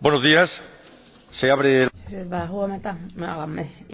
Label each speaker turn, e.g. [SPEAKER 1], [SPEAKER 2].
[SPEAKER 1] Buenos días. Se abre...
[SPEAKER 2] Hyvää huomenta. Me alamme